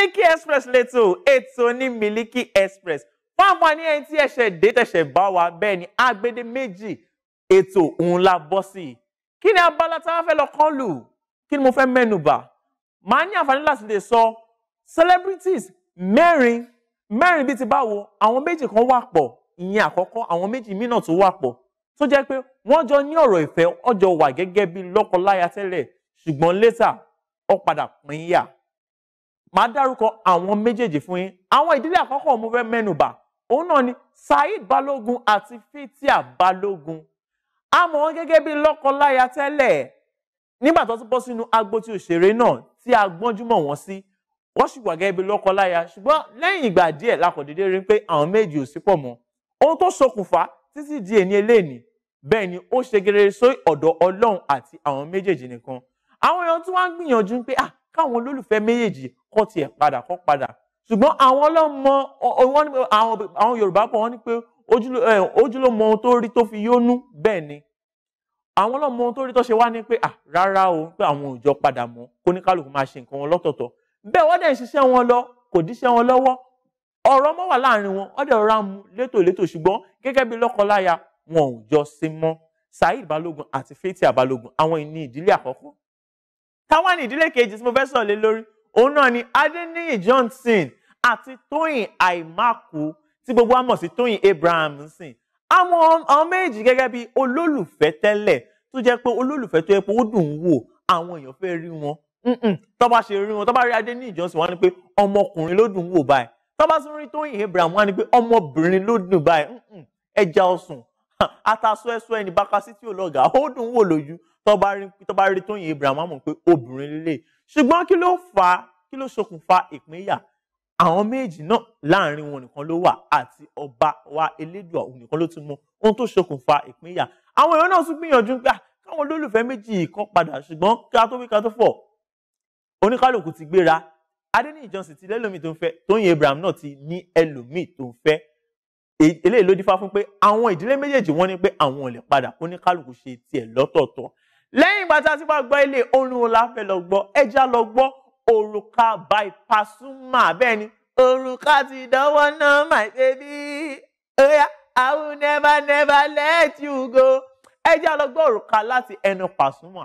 Miliki Express lẹ́tọ̀ ètò ní Miliki Express fún àwọn àníyàn tí ẹ̀ṣẹ̀ dé tẹ̀ṣẹ̀ bá wa bẹ́ẹ̀ ni agbede méjì ètò òun la bọ́ sí i kí ni abala tá a fẹ́ lọ kán lù kí ni mo fẹ́ mẹ́nu bà màá ní àǹfààní láti lè sọ celebrities mẹ́rin mẹ́rin bíi ti báwo àwọn méjì kan wà pọ̀ ìyẹn àkọ́kọ́ àwọn méjì mí náà tó wà pọ̀ tó jẹ́ pé wọ́n jọ ní ọ̀rọ̀ ìfẹ́ ọjọ́ wà gẹ́gẹ́ bíi lọ́kọláya tẹ́lẹ̀ ṣùgbọ́n létà ó padà pín yà màá dárúkọ àwọn méjèèjì fún yín àwọn ìdílé àkọ́kọ́ mo fẹ́ mẹ́nubà òun náà ni Saheed Balógun àti Fathia Balógun a mọ̀ wọ́n gẹ́gẹ́ bí lọ́kọ-láya tẹ́lẹ̀ nígbà tó ti bọ́ sínú agbo ti òṣèré náà tí a gbọ́njúmọ̀ wọ́n sí wọ́n sì wà gẹ́gẹ́ bí lọ́kọ-láya ṣùgbọ́n lẹ́yìn ìgbà díẹ̀ la kò déédéé pé àwọn méjì ò sí pọ̀ mọ́ ohun tó ṣokùnfà títí di èní eléèní bẹ́ẹ̀ ni ó ṣe gerere sórí ọ̀dọ̀ Ọlọ́run àti àwọn méjèèjì nìkan àwọn èèyàn tí wọ́n á gbìyànjú pé ah káwọn olólùfẹ́ méjèèjì kọ́ tiẹ̀ padà kọ́ padà ṣùgbọ́n àwọn ọlọ́mọ àwọn Yorùbá pọ̀ wọ́n ní pé ojúlọ́mọ ohun tó rí tó fi yónú bẹ́ẹ̀ ni àwọn ọlọ́mọ ohun tó rí tó ṣe wá ní pé ah rárá o pé àwọn ò jọ padà mọ́ kóníkálùkù máa ṣe nǹkan wọn lọ́tọ̀ọ̀tọ̀ bẹ́ẹ̀ wọ́n dẹ̀ ń ṣiṣẹ́ wọn lọ kò díṣẹ́ wọn lọ́wọ́ ọ̀rọ̀ mọ́ wà láàrin wọn ọ̀dẹ̀ ọ̀rá mu létòlétò ṣùgbọ́n gẹ́gẹ́ bí lọ́kọláya wọn ò jọ sí mọ́ Saheed Balogun àti Fathia Balogun àwọn ìní ìdílé àkọ́kọ́ táwa ní ìdílé kejì tí mo fẹ́ sọ̀lé lórí òun náà ni Adéníyì Johnson àti Tóyìn Àìmákù tí gbogbo wa mọ̀ sí Tóyìn Abraham sìn àwọn àwọn méjì gẹ́gẹ́ bí olólùfẹ́ tẹ́lẹ̀ tó jẹ́ pé olólùfẹ́ tó yẹ pé ó dùn ún wò àwọn èèyàn fẹ́ rí wọn tó bá ṣe rí wọn tó rí Adéníyì Johnson wọ́n ní pé ọmọkùnrin ló dùn ún wò báyìí tó tún rí Tóyìn Abraham wọ́n ní pé ọmọbìnrin ló dùn báyìí ẹja ọsùn àtàsọ ẹsọ ẹni bákasí tí ò lọgàá ó dùn ún wò lójú tó bá rí Tóyìn Abraham á mọ̀ pé obìnrin lélẹ̀ ṣùgbọ́n kí ló fà á kí ló ṣokùnfà ìpínyà àwọn méjì náà láàrin wọn nìkan ló wà àti ọba wa Elédùà òun nìkan ló ti mọ ohun tó ṣokùnfà ìpínyà àwọn èèyàn náà tún gbìyànjú pé káwọn olólùfẹ́ méjì kan padà ṣùgbọ́n ká tó wí ká tó fọ̀ oníkálùkù ti gbéra Adéníyì Johnson ti lẹ́lòmíì tó ń fẹ́ Tóyìn Abraham náà ti ní ẹlòmíì tó ń fẹ́ eléyìí ló dífá fún pé àwọn ìdílé méjèèjì wọ́n ní pé àwọn ò lè padà oníkálùkù ṣe tiẹ̀ lọ́tọ̀ọ̀tọ̀ lẹ́yìn ìgbà tí a ti bá gbọ́ ilé orin wo fẹ́ lọ gbọ́ ẹja lọ gbọ́ òrùka by Pasuma bẹ́ẹ̀ ni òrùka ti dánwọ́ náà my baby oya I will never never let you go ẹja lọ gbọ́ òrùka láti ẹnu Pasuma.